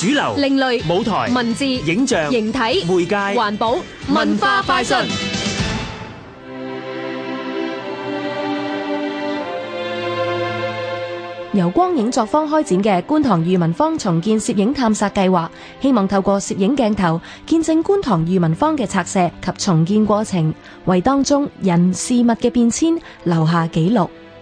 主流、另類舞台、文字、影像、形體、媒介、環保、文化、快訊。由光影作坊開展嘅觀塘裕民坊重建攝影探索計劃，希望透過攝影鏡頭見證觀塘裕民坊嘅拆卸及重建過程，為當中人事物嘅變遷留下紀錄。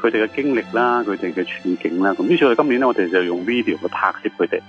佢哋嘅經歷啦，佢哋嘅處境啦，咁於是乎今年咧，我哋就用 video 去拍攝佢哋。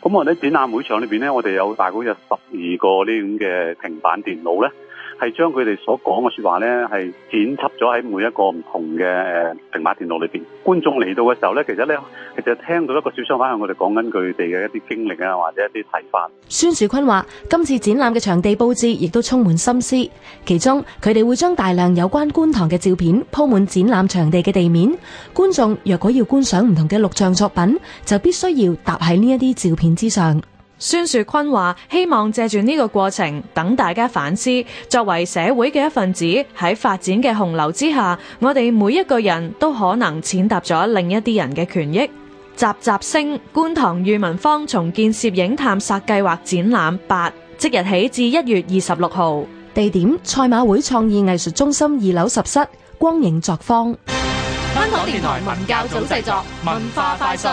咁我哋喺展覽會場裏面咧，我哋有大概有十二個呢咁嘅平板電腦咧。係將佢哋所講嘅說話呢，係剪輯咗喺每一個唔同嘅誒平板電腦裏邊。觀眾嚟到嘅時候呢，其實呢，其實聽到一個小商販向我哋講緊佢哋嘅一啲經歷啊，或者一啲睇法。孫樹坤話：今次展覽嘅場地布置亦都充滿心思，其中佢哋會將大量有關觀塘嘅照片鋪滿展覽場地嘅地面。觀眾若果要觀賞唔同嘅錄像作品，就必須要踏喺呢一啲照片之上。孫樹坤話：希望借住呢個過程，等大家反思。作為社會嘅一份子，喺發展嘅洪流之下，我哋每一個人都可能踐踏咗另一啲人嘅權益。雜集聲，觀塘裕民坊重建攝影探索計劃展覽八，即日起至一月二十六號，地點賽馬會創意藝術中心二樓十室光影作坊。香港電台文教組製作，文化快訊。